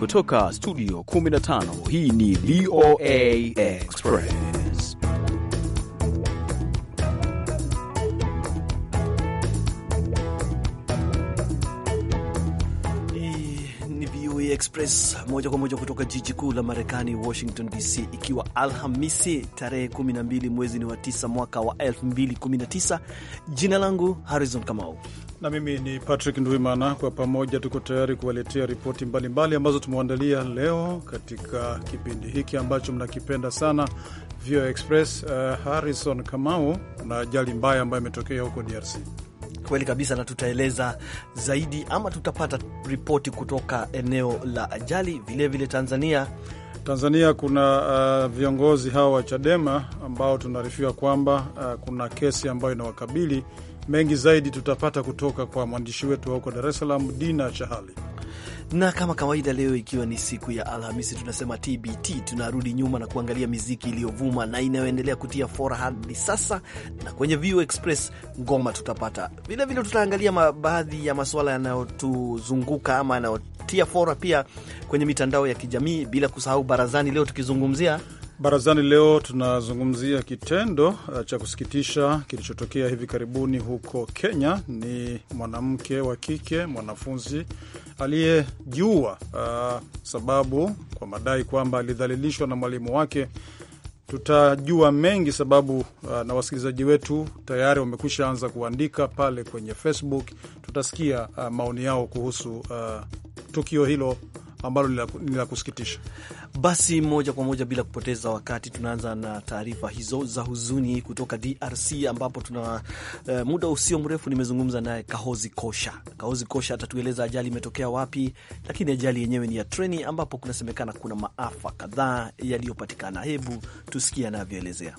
Kutoka studio 15 hii ni VOA Express. Ni VOA Express moja kwa moja kutoka jiji kuu la Marekani, Washington DC, ikiwa Alhamisi tarehe 12 mwezi ni wa 9 mwaka wa 2019. Jina langu Harrison Kamau na mimi ni Patrick Ndwimana. Kwa pamoja tuko tayari kuwaletea ripoti mbalimbali ambazo tumewaandalia leo katika kipindi hiki ambacho mnakipenda sana, VOA Express. Uh, Harrison Kamau, kuna ajali mbaya ambayo imetokea huko DRC. Kweli kabisa, na tutaeleza zaidi ama tutapata ripoti kutoka eneo la ajali. Vilevile vile Tanzania Tanzania kuna uh, viongozi hawa wa Chadema ambao tunaarifiwa kwamba uh, kuna kesi ambayo inawakabili Mengi zaidi tutapata kutoka kwa mwandishi wetu wa huko Dar es Salaam, Dina Chahali. Na kama kawaida, leo ikiwa ni siku ya Alhamisi, tunasema TBT, tunarudi nyuma na kuangalia miziki iliyovuma na inayoendelea kutia fora hadi sasa, na kwenye VU Express ngoma tutapata vilevile, tutaangalia baadhi ya masuala yanayotuzunguka ama yanayotia fora pia kwenye mitandao ya kijamii, bila kusahau barazani, leo tukizungumzia Barazani leo tunazungumzia kitendo eh, cha kusikitisha kilichotokea hivi karibuni huko Kenya. Ni mwanamke wa kike mwanafunzi aliyejiua uh, sababu kwa madai kwamba alidhalilishwa na mwalimu wake. Tutajua mengi sababu uh, na wasikilizaji wetu tayari wamekwisha anza kuandika pale kwenye Facebook. Tutasikia uh, maoni yao kuhusu uh, tukio hilo ambalo ni la kusikitisha. Basi moja kwa moja bila kupoteza wakati, tunaanza na taarifa hizo za huzuni kutoka DRC ambapo tuna eh, muda usio mrefu nimezungumza naye Kahozi Kosha. Kahozi Kosha atatueleza ajali imetokea wapi, lakini ajali yenyewe ni ya treni ambapo kunasemekana kuna maafa kadhaa yaliyopatikana. Hebu tusikie anavyoelezea.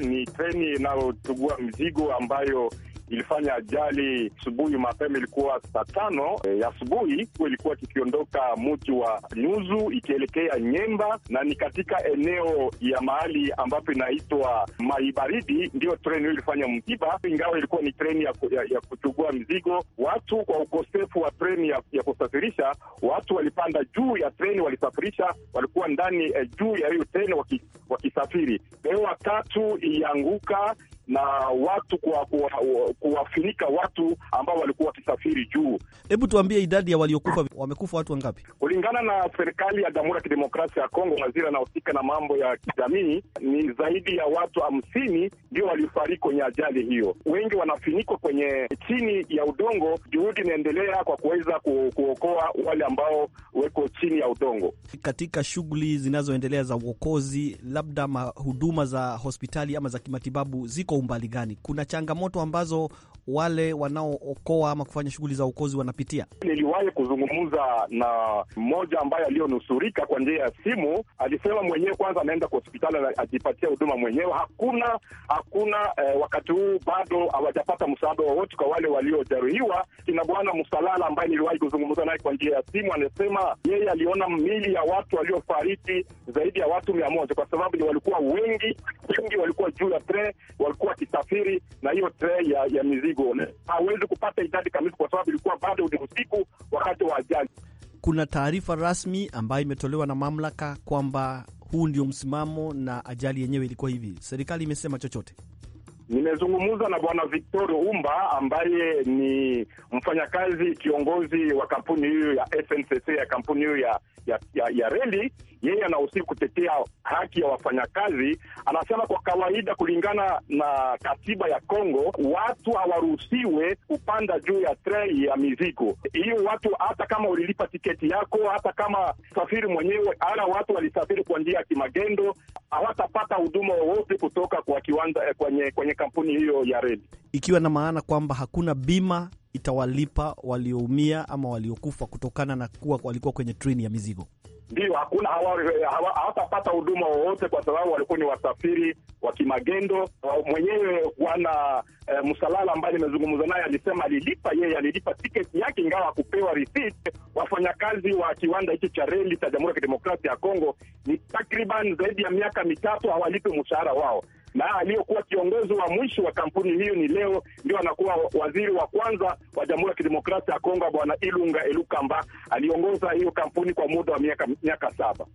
Ni treni inayotugua mzigo ambayo ilifanya ajali asubuhi mapema, ilikuwa saa tano e, ya asubuhi, ilikuwa kikiondoka mji wa Nyuzu ikielekea Nyemba, na ni katika eneo ya mahali ambapo inaitwa Maibaridi ndiyo treni hiyo ilifanya mtiba ingawa ilikuwa ni treni ya, ku, ya, ya kuchugua mzigo. Watu kwa ukosefu wa treni ya, ya kusafirisha watu walipanda juu ya treni, walisafirisha, walikuwa ndani eh, juu ya hiyo treni wakisafiri waki leo watatu ilianguka na watu kuwafinika watu ambao walikuwa wakisafiri juu. Hebu tuambie idadi ya waliokufa, wamekufa watu wangapi? Kulingana na serikali ya Jamhuri ya Kidemokrasia ya Kongo, waziri anahusika na mambo ya kijamii, ni zaidi ya watu hamsini ndio waliofariki kwenye ajali hiyo. Wengi wanafinikwa kwenye chini ya udongo. Juhudi inaendelea kwa kuweza ku, kuokoa wale ambao weko chini ya udongo. Katika shughuli zinazoendelea za uokozi, labda huduma za hospitali ama za kimatibabu ziko uko umbali gani? Kuna changamoto ambazo wale wanaookoa ama kufanya shughuli za uokozi wanapitia. Niliwahi kuzungumza na mmoja ambaye aliyonusurika kwa njia ya simu, alisema mwenyewe kwanza anaenda kwa hospitali ajipatia huduma mwenyewe. Hakuna hakuna eh, wakati huu bado hawajapata msaada wowote kwa wale waliojeruhiwa. Kina Bwana Msalala ambaye niliwahi kuzungumza naye kwa njia ya simu, anasema yeye aliona mili ya watu waliofariki zaidi ya watu mia moja kwa sababu walikuwa wengi wengi, walikuwa juu ya tre, walikuwa walikuwa wakisafiri na hiyo trei ya, ya mizigo. Hawezi kupata idadi kamili kwa sababu ilikuwa bado ni usiku wakati wa ajali. Kuna taarifa rasmi ambayo imetolewa na mamlaka kwamba huu ndio msimamo na ajali yenyewe ilikuwa hivi. Serikali imesema chochote? Nimezungumza na bwana Victor Umba ambaye ni mfanyakazi kiongozi wa kampuni hiyo ya SNCC ya kampuni hiyo ya, ya, ya, ya reli. Yeye anahusika kutetea haki ya wafanyakazi. Anasema kwa kawaida, kulingana na katiba ya Kongo, watu hawaruhusiwe kupanda juu ya trei ya mizigo hiyo. Watu hata kama ulilipa tiketi yako, hata kama safiri mwenyewe, ala, watu walisafiri kwa njia ya kimagendo, hawatapata huduma wowote kutoka kwa kiwanda eh, kwenye, kwenye kampuni hiyo ya reli, ikiwa na maana kwamba hakuna bima itawalipa walioumia ama waliokufa kutokana na kuwa walikuwa kwenye treni ya mizigo ndio hakuna hawatapata huduma wowote kwa sababu walikuwa ni wasafiri wa kimagendo. Mwenyewe bwana e, eh, Msalala ambaye nimezungumza naye alisema alilipa yeye alilipa tiketi yake, ingawa hakupewa risiti. Wafanyakazi wa kiwanda hicho cha reli cha Jamhuri ya Kidemokrasia ya Kongo ni takriban zaidi ya miaka mitatu hawalipi mshahara wao na aliyokuwa kiongozi wa mwisho wa kampuni hiyo ni leo ndio anakuwa waziri wa kwanza wa Jamhuri ya Kidemokrasia ya Kongo, Bwana Ilunga Elukamba. Aliongoza hiyo kampuni kwa muda wa miaka miaka saba.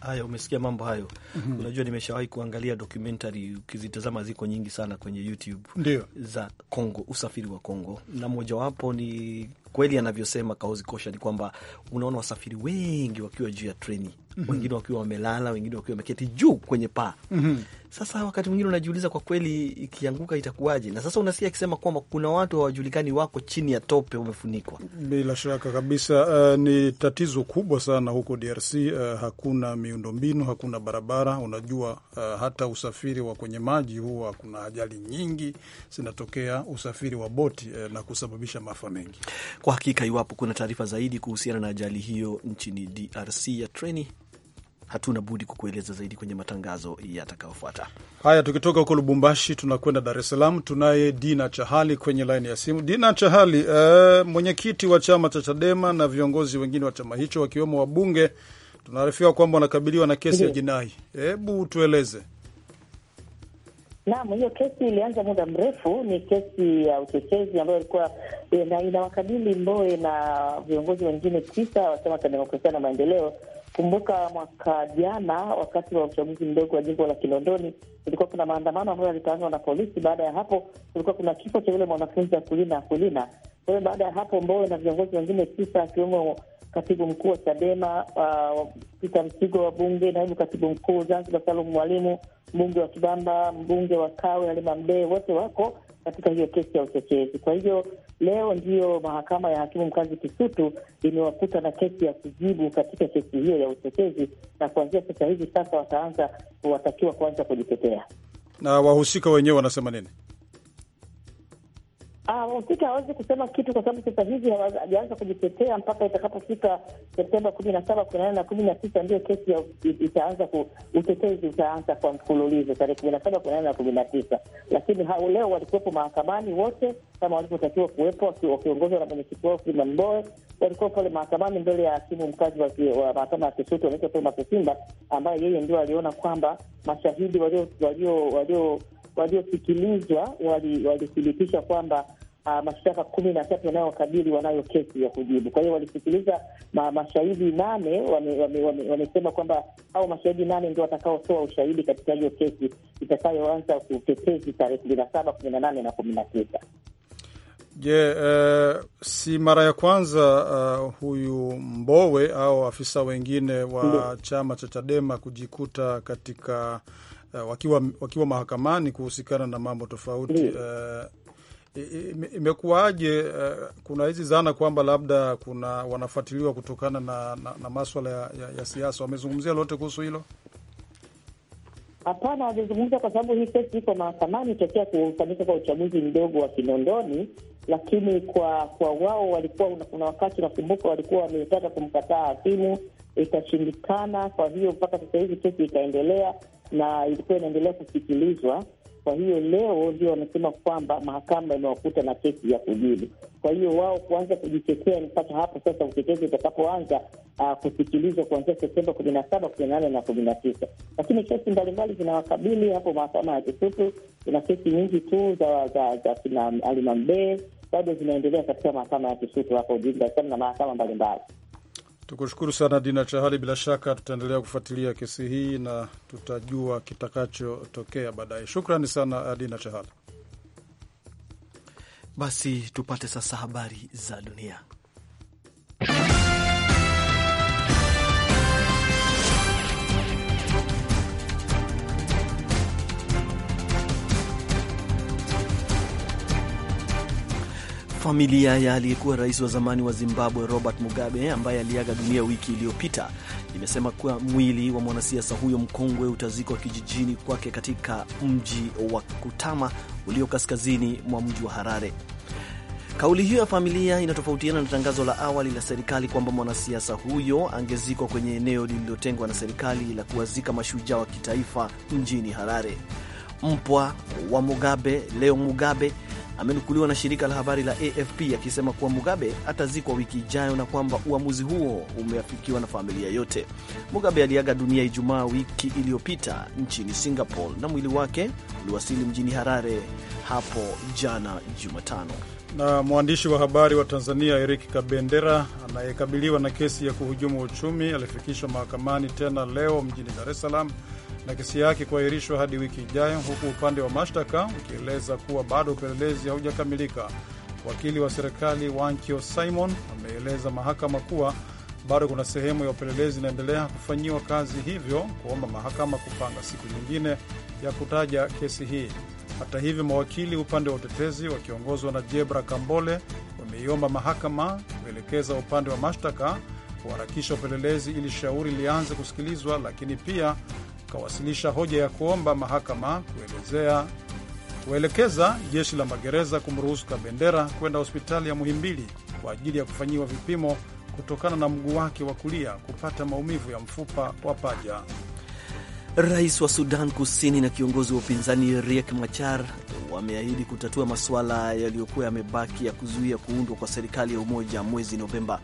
Haya, umesikia mambo hayo. mm -hmm. Unajua, nimeshawahi kuangalia dokumentari, ukizitazama ziko nyingi sana kwenye YouTube Ndiyo. za Kongo, usafiri wa Kongo, na mojawapo ni kweli anavyosema Kaozi Kosha ni kwamba unaona wasafiri wengi wakiwa juu ya treni mm -hmm. wengine wakiwa wamelala, wengine wakiwa wameketi juu kwenye paa mm -hmm. Sasa wakati mwingine unajiuliza kwa kweli, ikianguka itakuwaje? Na sasa unasikia akisema kwamba kuna watu hawajulikani wako chini ya tope, wamefunikwa. Bila shaka kabisa, uh, ni tatizo kubwa sana huko DRC. Uh, hakuna miundombinu, hakuna barabara. Unajua uh, hata usafiri wa kwenye maji huwa kuna ajali nyingi zinatokea, usafiri wa boti uh, na kusababisha maafa mengi. Kwa hakika, iwapo kuna taarifa zaidi kuhusiana na ajali hiyo nchini DRC ya treni hatuna budi kukueleza zaidi kwenye matangazo yatakayofuata. Haya, tukitoka huko Lubumbashi tunakwenda Dar es Salaam. Tunaye Dina Chahali kwenye laini ya simu. Dina Chahali, uh, mwenyekiti wa chama cha Chadema na viongozi wengine wa chama hicho wakiwemo wabunge tunaarifiwa kwamba wanakabiliwa na kesi ya jinai. Hebu tueleze. Naam, hiyo kesi ilianza muda mrefu. Ni kesi ya uchochezi ambayo ilikuwa ina, eh, inawakabili Mbowe na viongozi wengine tisa wa chama cha demokrasia na maendeleo Kumbuka mwaka jana wakati wa uchaguzi mdogo wa jimbo la Kinondoni kulikuwa kuna maandamano ambayo yalitangazwa na polisi. Baada ya hapo, kulikuwa kuna kifo cha yule mwanafunzi Akulina Akulina. Kwa hiyo baada ya hapo, Mbowe na viongozi wengine tisa akiwemo katibu mkuu wa Chadema uh, Peter Msigo wa Bunge, naibu katibu mkuu Zanzibar Salum Mwalimu, mbunge wa Kibamba, mbunge wa Kawe Halima Mdee, wote wako katika hiyo kesi ya uchochezi. Kwa hivyo leo ndiyo mahakama ya hakimu mkazi Kisutu imewakuta na kesi ya kujibu katika kesi hiyo ya uchochezi, na kuanzia sasa hivi sasa wataanza watakiwa kuanza kujitetea. Na wahusika wenyewe wanasema nini? uh, hawezi kusema kitu kwa sababu sasa hivi hajaanza kujitetea mpaka itakapofika Septemba kumi na saba kumi na nane na kumi na tisa ndio kesi ya itaanza utetezi utaanza kwa mfululizo tarehe kumi na saba kumi na nane na kumi na tisa Lakini hao leo walikuwepo mahakamani wote kama walivyotakiwa kuwepo, wakiongozwa na mwenyekiti wao Freeman Mbowe. Walikuwa pale mahakamani mbele ya hakimu mkazi wa mahakama ya Kisutu anaitwa Thomas Simba, ambaye yeye ndio aliona kwamba mashahidi walio walio walio waliosikilizwa walithibitisha wali kwamba uh, mashtaka kumi na tatu yanayowakabili wanayo kesi ya kujibu. Kwa hiyo walisikiliza ma, mashahidi nane wamesema wame, wame, wame kwamba au mashahidi nane ndio watakaotoa ushahidi katika hiyo kesi itakayoanza kutetezi tarehe kumi na saba kumi na nane na kumi na tisa. Je, yeah, uh, si mara ya kwanza uh, huyu Mbowe au afisa wengine wa chama cha Chadema kujikuta katika Eh, wakiwa, wakiwa mahakamani kuhusikana na mambo tofauti eh, Imekuwaje? Uh, kuna hizi zana kwamba labda kuna wanafuatiliwa kutokana na, na, na maswala ya, ya, ya siasa. Wamezungumzia lolote kuhusu hilo? Hapana, wamezungumza kwa sababu hii kesi iko mahakamani tokea kufanyika kwa uchaguzi mdogo wa Kinondoni, lakini kwa kwa wao walikuwa una wakati nakumbuka walikuwa wametaka kumkataa hakimu, ikashindikana. Kwa hiyo mpaka sasa hivi kesi ikaendelea na ilikuwa inaendelea kusikilizwa. Kwa hiyo leo ndio wamesema kwamba mahakama imewakuta na kesi ya kujili. Kwa hiyo wao kuanza kujitetea ni mpaka hapo sasa utetezi utakapoanza uh, kusikilizwa kuanzia Septemba kumi na saba, kumi na nane na kumi na tisa. Lakini kesi mbalimbali zinawakabili hapo mahakama ya Kisutu. Kuna kesi nyingi tu za za za kina Halima bado zinaendelea katika mahakama ya Kisutu hapo jijini na mahakama mbalimbali. Tukushukuru sana Dina Chahali. Bila shaka tutaendelea kufuatilia kesi hii na tutajua kitakachotokea baadaye. Shukrani sana eh, Dina Chahali. Basi tupate sasa habari za dunia. Familia ya aliyekuwa rais wa zamani wa Zimbabwe Robert Mugabe ambaye aliaga dunia wiki iliyopita imesema kuwa mwili wa mwanasiasa huyo mkongwe utazikwa kijijini kwake katika mji wa Kutama ulio kaskazini mwa mji wa Harare. Kauli hiyo ya familia inatofautiana na tangazo la awali la serikali kwamba mwanasiasa huyo angezikwa kwenye eneo lililotengwa na serikali la kuwazika mashujaa wa kitaifa mjini Harare. Mpwa wa Mugabe, Leo Mugabe, amenukuliwa na shirika la habari la AFP akisema kuwa Mugabe atazikwa wiki ijayo na kwamba uamuzi huo umeafikiwa na familia yote. Mugabe aliaga dunia Ijumaa wiki iliyopita nchini Singapore na mwili wake uliwasili mjini Harare hapo jana Jumatano. Na mwandishi wa habari wa Tanzania Eric Kabendera anayekabiliwa na kesi ya kuhujumu uchumi alifikishwa mahakamani tena leo mjini Dar es Salaam na kesi yake kuahirishwa hadi wiki ijayo, huku upande wa mashtaka ukieleza kuwa bado upelelezi haujakamilika. Wakili wa serikali Wankio Simon ameeleza mahakama kuwa bado kuna sehemu ya upelelezi inaendelea kufanyiwa kazi, hivyo kuomba mahakama kupanga siku nyingine ya kutaja kesi hii. Hata hivyo, mawakili upande wa utetezi wakiongozwa na Jebra Kambole wameiomba mahakama kuelekeza upande wa mashtaka kuharakisha upelelezi ili shauri lianze kusikilizwa, lakini pia kawasilisha hoja ya kuomba mahakama kuelezea kuelekeza jeshi la magereza kumruhusu Kabendera kwenda hospitali ya Muhimbili kwa ajili ya kufanyiwa vipimo kutokana na mguu wake wa kulia kupata maumivu ya mfupa wa paja. Rais wa Sudan Kusini na kiongozi wa upinzani Riek Machar wameahidi kutatua masuala yaliyokuwa yamebaki ya kuzuia kuundwa kwa serikali ya umoja mwezi Novemba.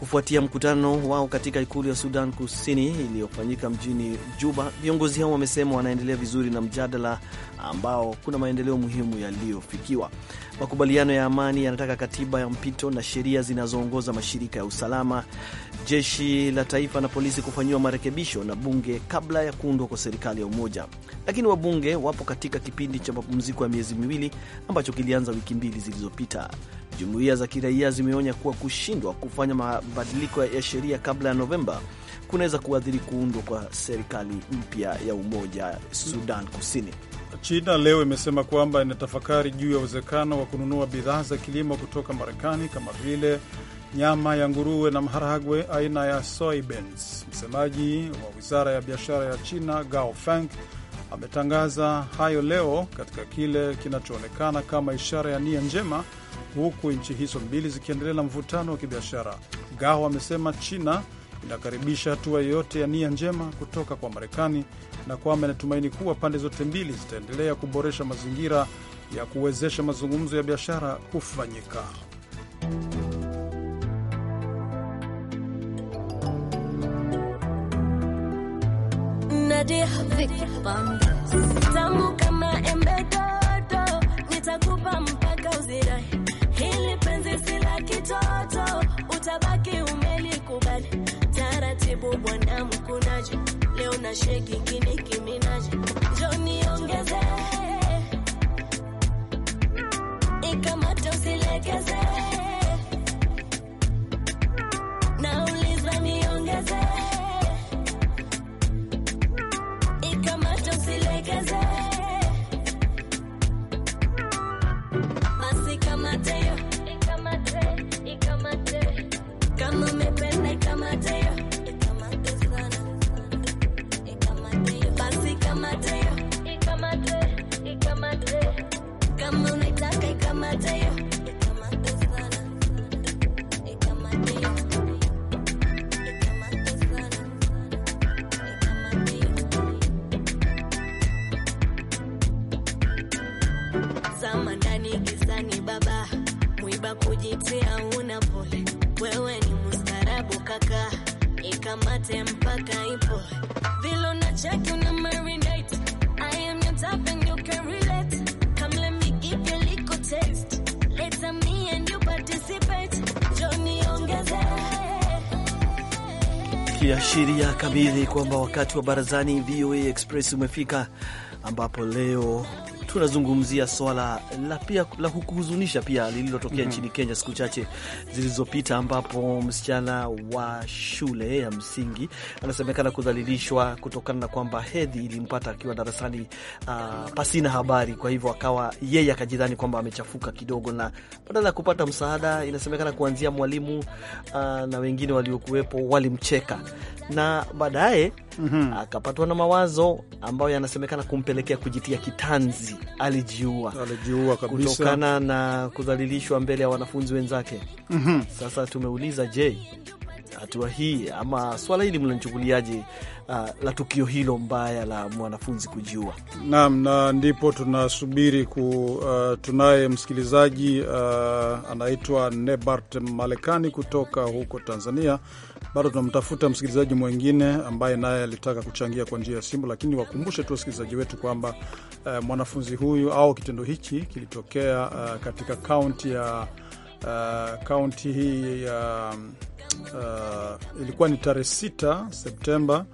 Kufuatia mkutano wao katika ikulu ya Sudan Kusini iliyofanyika mjini Juba, viongozi hao wamesema wanaendelea vizuri na mjadala ambao kuna maendeleo muhimu yaliyofikiwa. Makubaliano ya amani yanataka katiba ya mpito na sheria zinazoongoza mashirika ya usalama, jeshi la taifa na polisi kufanyiwa marekebisho na bunge kabla ya kuundwa kwa serikali ya umoja. Lakini wabunge wapo katika kipindi cha mapumziko ya miezi miwili ambacho kilianza wiki mbili zilizopita. Jumuiya za kiraia zimeonya kuwa kushindwa kufanya mabadiliko ya sheria kabla ya Novemba kunaweza kuathiri kuundwa kwa serikali mpya ya umoja Sudan Kusini. China leo imesema kwamba inatafakari juu ya uwezekano wa kununua bidhaa za kilimo kutoka Marekani kama vile nyama ya nguruwe na maharagwe aina ya soybeans. Msemaji wa wizara ya biashara ya China Gao Feng ametangaza hayo leo katika kile kinachoonekana kama ishara ya nia njema, huku nchi hizo mbili zikiendelea na mvutano wa kibiashara. Gao amesema China inakaribisha hatua yoyote ya nia njema kutoka kwa Marekani na kwamba inatumaini kuwa pande zote mbili zitaendelea kuboresha mazingira ya kuwezesha mazungumzo ya biashara kufanyika. Nitakupa mpaka hili penzi si la kitoto, utabaki Jibu bwana mkunaje? Leo na sheki kini kiminaje? Joni ongeze ikamata usilekeze nauliza niongezee cama, una y cama, te kabili kwamba wakati wa barazani VOA Express umefika ambapo leo tunazungumzia swala la pia la kuhuzunisha pia lililotokea mm -hmm. nchini Kenya siku chache zilizopita, ambapo msichana wa shule ya msingi anasemekana kudhalilishwa kutokana na kwamba hedhi ilimpata akiwa darasani uh, pasina habari. Kwa hivyo akawa yeye akajidhani kwamba amechafuka kidogo, na badala ya kupata msaada, inasemekana kuanzia mwalimu uh, na wengine waliokuwepo walimcheka na baadaye mm -hmm. akapatwa na mawazo ambayo yanasemekana kumpelekea kujitia kitanzi alijiua, alijiua kabisa kutokana na kudhalilishwa mbele ya wanafunzi wenzake. mm -hmm. Sasa tumeuliza, je, hatua hii ama swala hili mnachukuliaje, Uh, ah, la tukio hilo mbaya la mwanafunzi kujiua. Naam, na ndipo tunasubiri ku uh, tunaye msikilizaji uh, anaitwa Nebart Malekani kutoka huko Tanzania bado tunamtafuta msikilizaji mwengine ambaye naye alitaka kuchangia kwa njia ya simu, lakini wakumbushe tu wasikilizaji wetu kwamba uh, mwanafunzi huyu au kitendo hichi kilitokea uh, katika kaunti ya eh, kaunti hii ya uh, ilikuwa ni tarehe 6 Septemba,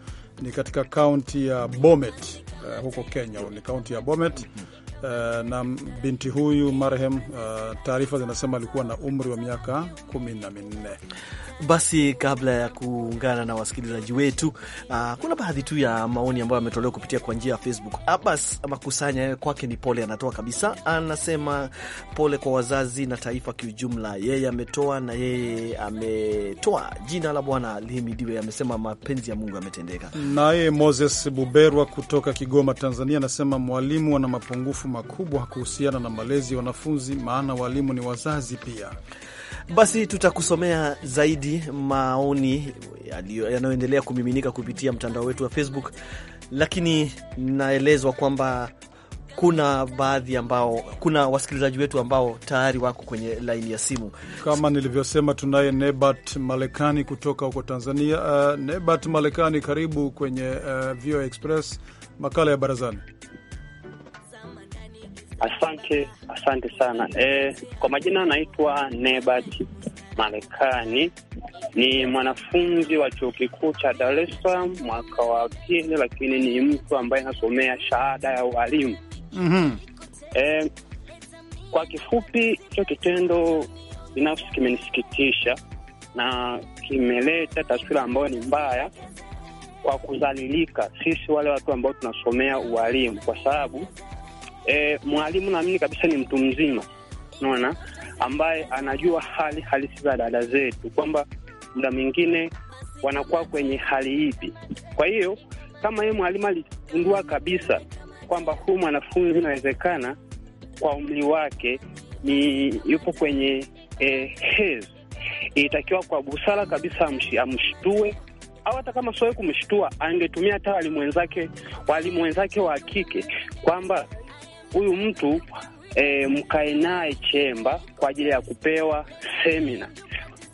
ni katika kaunti ya Bomet uh, huko Kenya, ni kaunti ya Bomet. Uh, na binti huyu marehemu uh, taarifa zinasema alikuwa na umri wa miaka kumi na minne. Basi kabla ya kuungana na wasikilizaji wetu, uh, kuna baadhi tu ya maoni ambayo ametolewa kupitia kwa njia ya Facebook. Abbas Makusanya kwake ni pole, anatoa kabisa, anasema pole kwa wazazi na taifa kiujumla. Yeye ametoa na yeye ametoa, jina la Bwana lihimidiwe. Amesema mapenzi ya Mungu yametendeka. Naye Moses Buberwa kutoka Kigoma, Tanzania, anasema mwalimu ana mapungufu makubwa kuhusiana na malezi ya wanafunzi, maana walimu ni wazazi pia. Basi tutakusomea zaidi maoni yanayoendelea kumiminika kupitia mtandao wetu wa Facebook, lakini naelezwa kwamba kuna baadhi ambao kuna wasikilizaji wetu ambao tayari wako kwenye laini ya simu. Kama nilivyosema, tunaye Nebat Malekani kutoka huko Tanzania. Uh, Nebat Malekani, karibu kwenye uh, VOA Express, makala ya barazani. Asante, asante sana. E, kwa majina anaitwa Nebat Marekani, ni mwanafunzi wa chuo kikuu cha Dar es Salaam mwaka wa pili, lakini ni mtu ambaye anasomea shahada ya ualimu. mm -hmm. E, kwa kifupi, hicho kitendo binafsi kimenisikitisha na kimeleta taswira ambayo ni mbaya kwa kudhalilika sisi wale watu ambao tunasomea ualimu, kwa sababu E, mwalimu naamini kabisa ni mtu mzima, unaona, ambaye anajua hali halisi za dada zetu kwamba muda mwingine wanakuwa kwenye hali ipi. Kwa hiyo kama yeye mwalimu aligundua kabisa kwamba huyu mwanafunzi inawezekana kwa umri wake ni yupo kwenye eh, e, hez, ilitakiwa kwa busara kabisa amshtue, au hata kama soe kumshtua, angetumia hata walimu wenzake walimu wenzake wa kike kwamba huyu mtu e, mkae naye chemba kwa ajili ya kupewa semina.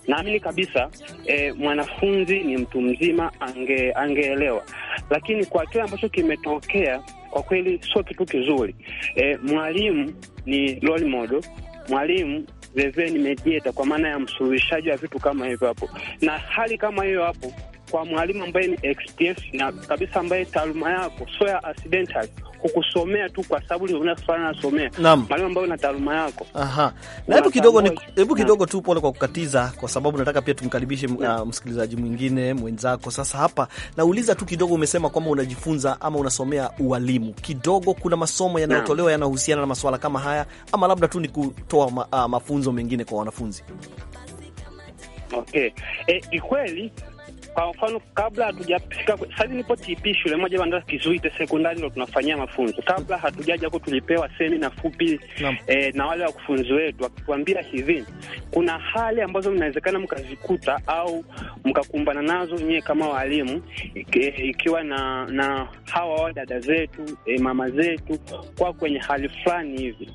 Naamini kabisa e, mwanafunzi ni mtu mzima, ange angeelewa, lakini kwa kile ambacho kimetokea kwa kweli sio kitu kizuri. E, mwalimu ni role model, mwalimu veveni mediator, kwa maana ya msuluhishaji wa vitu kama hivyo hapo, na hali kama hiyo hapo kwa mwalimu ambaye ni experience na kabisa, ambaye taaluma yako sio ya accidental, kukusomea tu kwa sababu ndio unafanya nasomea, mwalimu ambaye una taaluma yako. Aha, na hebu kidogo, ni hebu kidogo tu, pole kwa kukatiza, kwa sababu nataka pia tumkaribishe uh, msikilizaji mwingine mwenzako. Sasa hapa nauliza tu kidogo, umesema kwamba unajifunza ama unasomea ualimu kidogo, kuna masomo yanayotolewa yanahusiana na masuala kama haya, ama labda tu ni kutoa ma, uh, mafunzo mengine kwa wanafunzi? Okay. E, eh, ikweli kwa mfano kabla hatujafika sasa, nipo TP shule moja banda Kizuite sekondari, ndo tunafanyia mafunzo. Kabla hatujaja huko, tulipewa semina fupi e, na wale wakufunzi wetu wakituambia hivi, kuna hali ambazo mnawezekana mkazikuta au mkakumbana nazo nyie kama walimu, ikiwa na na hawa dada zetu e, mama zetu kwa kwenye hali fulani hivi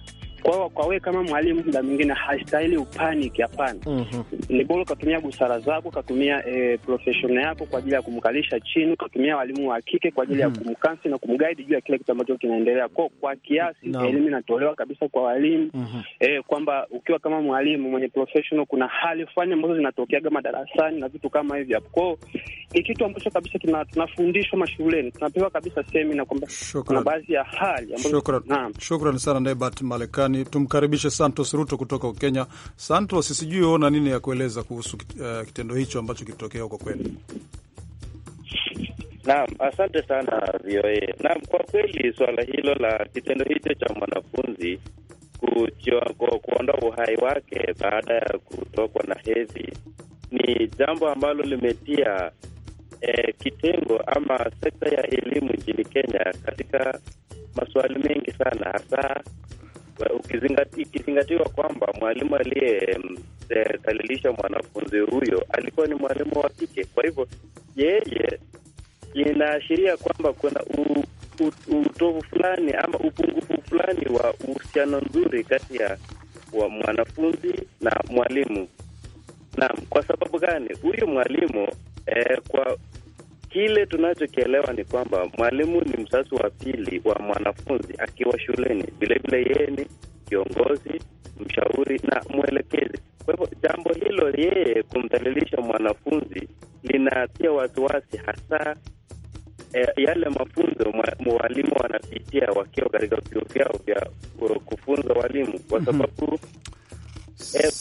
kwa hiyo kwa wewe kama mwalimu, muda mwingine haistahili upanic, hapana. mm -hmm. Ni bora ukatumia busara zako, ukatumia e, eh, professional yako kwa ajili ya kumkalisha chini, ukatumia walimu wa kike kwa ajili mm -hmm. ya mhm. kumkansi na kumguide juu ya kile kitu ambacho kinaendelea. Kwa kwa kiasi no. elimu inatolewa kabisa kwa walimu mm -hmm. e, kwamba ukiwa kama mwalimu mwenye professional, kuna hali fulani ambazo zinatokea kama darasani na vitu kama hivyo hapo kwao ni kitu ambacho kabisa tunafundishwa mashuleni, tunapewa kabisa semina kwamba kuna baadhi ya hali ambazo. Shukran sana Nebat Malekani. Tumkaribishe Santos Ruto kutoka Kenya. Santos, sijui ona nini ya kueleza kuhusu uh, kitendo hicho ambacho kilitokea huko kwenu? Naam, asante sana VOA. Naam, kwa kweli suala hilo la kitendo hicho cha mwanafunzi kuondoa uhai wake baada ya kutokwa na hedhi ni jambo ambalo limetia eh, kitengo ama sekta ya elimu nchini Kenya katika maswali mengi sana, hasa eh, ikizingatiwa kwamba mwalimu aliyedhalilisha mm, eh, mwanafunzi huyo alikuwa ni mwalimu wa kike. Kwa hivyo yeye, inaashiria kwamba kuna utovu fulani ama upungufu fulani wa uhusiano nzuri kati ya wa mwanafunzi na mwalimu. Naam, kwa sababu gani? Huyu mwalimu eh, kwa Kile tunachokielewa ni kwamba mwalimu ni mzazi wa pili wa mwanafunzi akiwa shuleni. Vilevile yeye ni kiongozi, mshauri na mwelekezi. Kwa hivyo jambo hilo, yeye kumdhalilisha mwanafunzi, linatia wasiwasi hasa E, yale mafunzo mwalimu wanapitia wakiwa katika vyuo vyao vya eh, kufunza walimu, kwa mhm. sababu Eh,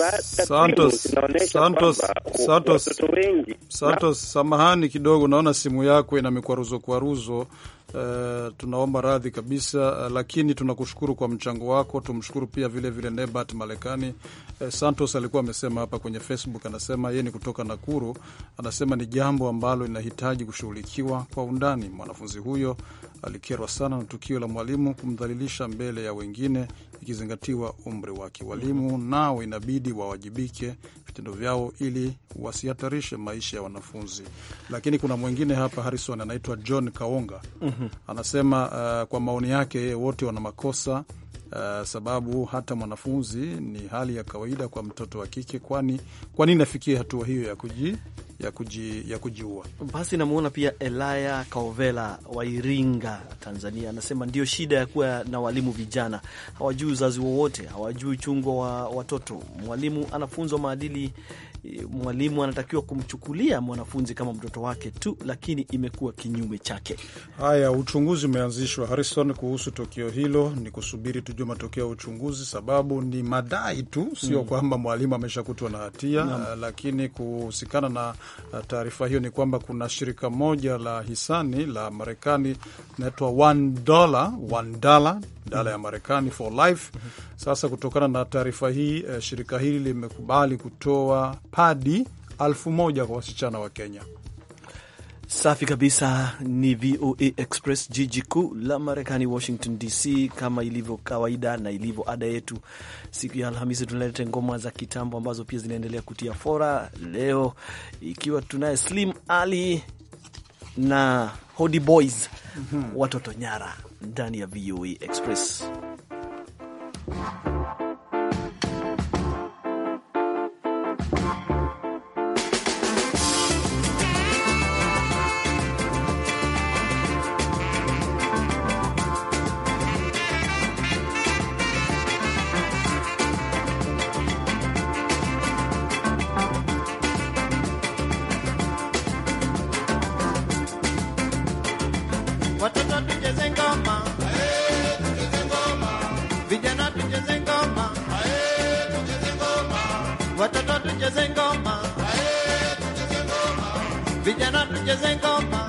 Santos, samahani kidogo, naona simu yako ina mikwaruzo kwaruzo. Uh, tunaomba radhi kabisa uh, lakini tunakushukuru kwa mchango wako. Tumshukuru pia vile vile Nebat Malekani. Uh, Santos alikuwa amesema hapa kwenye Facebook, anasema yeye ni kutoka Nakuru, anasema ni jambo ambalo linahitaji kushughulikiwa kwa undani. Mwanafunzi huyo alikerwa sana na tukio la mwalimu kumdhalilisha mbele ya wengine, ikizingatiwa umri wake. Walimu nao inabidi wawajibike vitendo vyao ili wasihatarishe maisha ya wanafunzi. Lakini kuna mwingine hapa, Harrison, anaitwa John Kaonga, mhm. anasema uh, kwa maoni yake yeye, wote wana makosa Uh, sababu hata mwanafunzi ni hali ya kawaida kwa mtoto wa kike. Kwani kwa nini nafikia hatua hiyo ya kuji ya kuji ya kujiua? Basi namwona pia Elaya Kaovela wa Iringa, Tanzania, anasema ndio shida ya kuwa na walimu vijana, hawajui uzazi wowote, hawajui uchungu wa watoto. Mwalimu anafunzwa maadili mwalimu anatakiwa kumchukulia mwanafunzi kama mtoto wake tu, lakini imekuwa kinyume chake. Haya, uchunguzi umeanzishwa Harrison, kuhusu tukio hilo. Ni kusubiri tujue matokeo ya uchunguzi, sababu ni madai tu, sio mm. kwamba mwalimu ameshakutwa na hatia mm. Lakini kuhusikana na eh, taarifa hiyo ni kwamba kuna shirika moja la hisani la Marekani inaitwa One Dollar One Dollar dola ya Marekani for life. Sasa kutokana na taarifa hii eh, shirika hili limekubali kutoa padi elfu moja kwa wasichana wa Kenya. Safi kabisa. Ni VOA Express, jiji kuu la Marekani, Washington DC. Kama ilivyo kawaida na ilivyo ada yetu, siku ya Alhamisi tunaleta ngoma za kitambo ambazo pia zinaendelea kutia fora leo, ikiwa tunaye Slim Ali na Hodi Boys watoto nyara ndani ya VOA e Express vijana tucheze ngoma,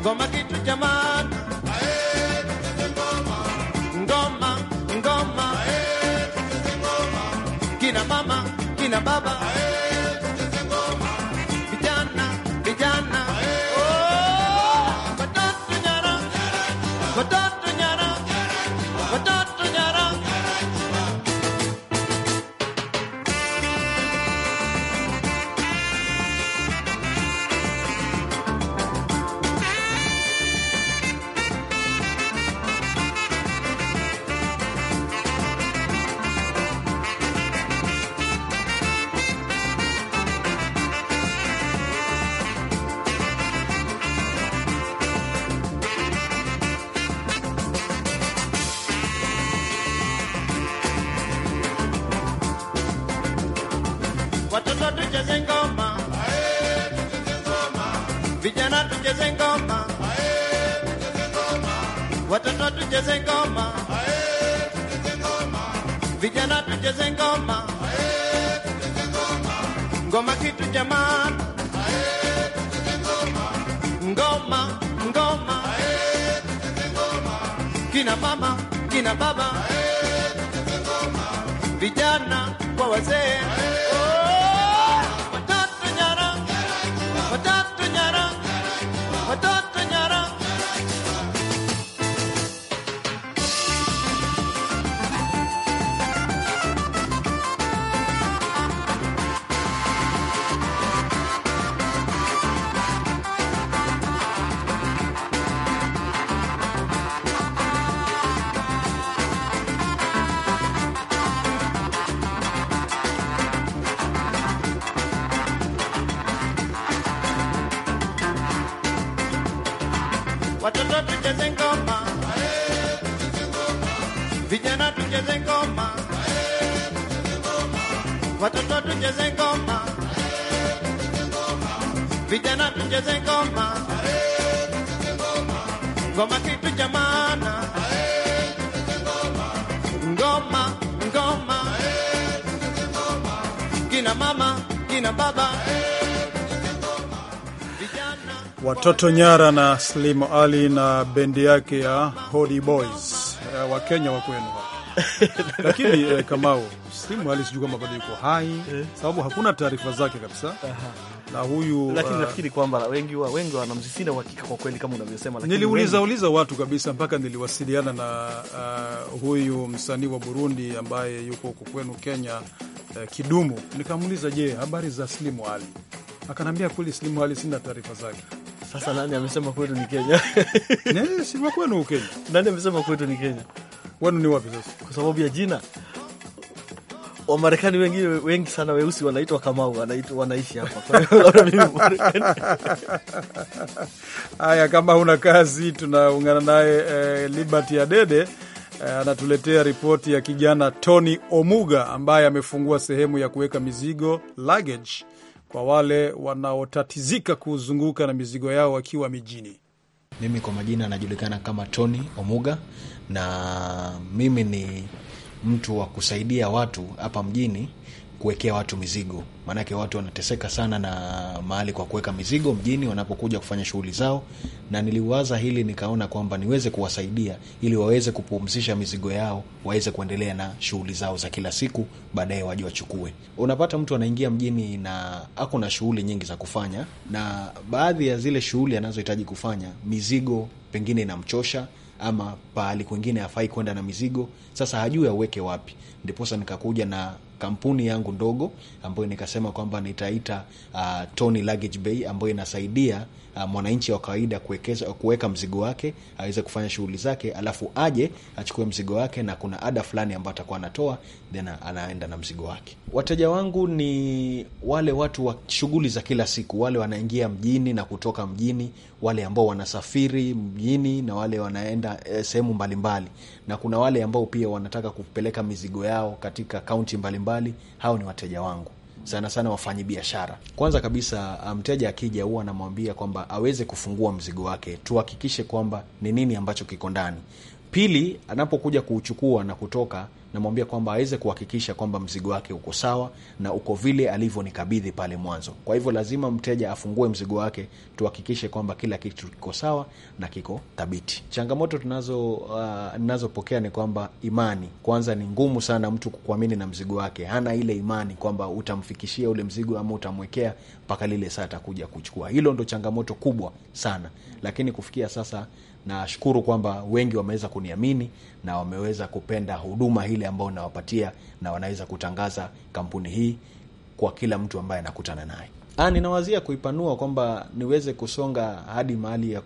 ngoma kitu cha maana, ngoma ngoma, kina mama kina baba tucheze ngoma, watoto tucheze ngoma, vijana tucheze ngoma, ngoma kitu jamani, ngoma ngoma, kina mama kina baba, vijana kwa wazee ngoma, ngoma kitu cha maana, ngoma ngoma, kina mama kina baba Watoto Nyara na Slim Ali na bendi yake ya Hody Boys uh, wa Kenya wa kwenu lakini eh, Kamau, Slim Ali sijui kama bado yuko hai, eh. sababu hakuna taarifa zake kabisa na huyu lakini, uh, nafikiri kwamba wengi wa wengi wanamzisina uhakika kwa kweli, kama unavyosema, lakini niliuliza uliza watu kabisa, mpaka niliwasiliana na uh, huyu msanii wa Burundi ambaye yuko huko kwenu Kenya, uh, Kidumu, nikamuuliza, je, habari za Slimu Ali? Akanambia kweli Slimu Ali sina taarifa zake. Sasa nani amesema kwetu ni Kenya? Nani si kwetu ni Kenya? Nani amesema kwetu ni Kenya? Wenu ni wapi sasa? Kwa sababu ya jina Wamarekani wengine wengi sana weusi wanaitwa Kamau, wanaitwa wanaishi hapa. Haya, kama una kazi, tunaungana naye eh, Liberty Adede eh, anatuletea ripoti ya kijana Tony Omuga ambaye amefungua sehemu ya kuweka mizigo luggage kwa wale wanaotatizika kuzunguka na mizigo yao wakiwa mijini. Mimi kwa majina anajulikana kama Tony Omuga na mimi ni mtu wa kusaidia watu hapa mjini kuwekea watu mizigo, maanake watu wanateseka sana na mahali kwa kuweka mizigo mjini wanapokuja kufanya shughuli zao, na niliwaza hili nikaona kwamba niweze kuwasaidia ili waweze kupumzisha mizigo yao, waweze kuendelea na shughuli zao za kila siku, baadaye waje wachukue. Unapata mtu anaingia mjini na ako na shughuli nyingi za kufanya, na baadhi ya zile shughuli anazohitaji kufanya, mizigo pengine inamchosha ama pahali kwingine hafai kwenda na mizigo, sasa hajui aweke wapi. Ndiposa nikakuja na kampuni yangu ndogo ambayo nikasema kwamba nitaita uh, Tony Luggage Bay ambayo inasaidia Uh, mwananchi wa kawaida kuwekeza kuweka mzigo wake aweze kufanya shughuli zake, alafu aje achukue mzigo wake, na kuna ada fulani ambayo atakuwa anatoa then anaenda na mzigo wake. Wateja wangu ni wale watu wa shughuli za kila siku, wale wanaingia mjini na kutoka mjini, wale ambao wanasafiri mjini na wale wanaenda eh, sehemu mbalimbali, na kuna wale ambao pia wanataka kupeleka mizigo yao katika kaunti mbalimbali. Hao ni wateja wangu sana sana wafanyi biashara. Kwanza kabisa, ah, mteja akija, huwa anamwambia kwamba aweze kufungua mzigo wake, tuhakikishe kwamba ni nini ambacho kiko ndani. Pili, anapokuja kuuchukua na kutoka namwambia kwamba aweze kuhakikisha kwamba mzigo wake uko sawa na uko vile alivyonikabidhi pale mwanzo. Kwa hivyo lazima mteja afungue mzigo wake, tuhakikishe kwamba kila kitu kiko sawa na kiko thabiti. Changamoto tunazo uh, ninazopokea uh, ni kwamba imani kwanza, ni ngumu sana mtu kukuamini na mzigo wake, hana ile imani kwamba utamfikishia ule mzigo ama utamwekea mpaka lile saa atakuja kuchukua. Hilo ndo changamoto kubwa sana, lakini kufikia sasa Nashukuru kwamba wengi wameweza kuniamini na wameweza kupenda huduma hile ambayo nawapatia, na wanaweza kutangaza kampuni hii kwa kila mtu ambaye anakutana naye. Ah, ninawazia kuipanua kwamba niweze kusonga hadi mahali ya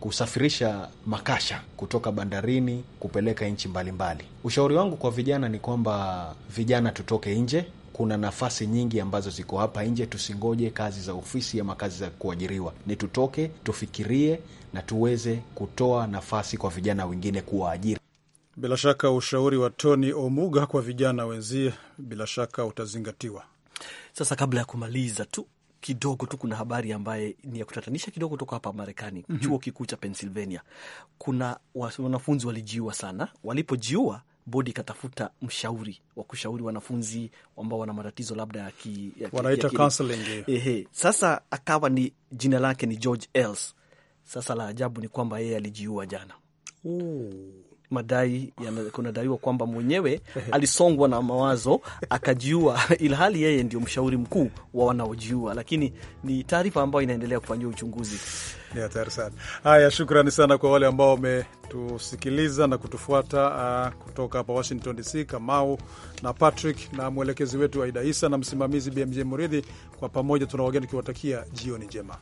kusafirisha makasha kutoka bandarini kupeleka nchi mbalimbali. Ushauri wangu kwa vijana ni kwamba vijana tutoke nje, kuna nafasi nyingi ambazo ziko hapa nje. Tusingoje kazi za ofisi ama kazi za kuajiriwa, ni tutoke, tufikirie na tuweze kutoa nafasi kwa vijana wengine kuwaajiri. Bila shaka ushauri wa Tony Omuga kwa vijana wenzie bila shaka utazingatiwa. Sasa kabla ya kumaliza tu kidogo tu, kuna habari ambaye ni ya kutatanisha kidogo toka hapa Marekani. mm -hmm. Chuo kikuu cha Pennsylvania kuna wanafunzi walijiua sana, walipojiua bodi ikatafuta mshauri wa kushauri wanafunzi ambao wana matatizo labda ya ki, ya wanaita counseling. Ehe, sasa akawa ni jina lake ni George Els. Sasa la ajabu ni kwamba yeye alijiua jana. Ooh madai kunadaiwa kwamba mwenyewe alisongwa na mawazo akajiua, ilhali yeye ndio mshauri mkuu wa wanaojiua, lakini ni taarifa ambayo inaendelea kufanyiwa uchunguzi. Ni hatari sana. Haya, shukrani sana kwa wale ambao wametusikiliza na kutufuata uh, kutoka hapa Washington DC, Kamau na Patrick na mwelekezi wetu Aida Isa na msimamizi BMJ Muridhi. Kwa pamoja tuna wageni tukiwatakia jioni njema.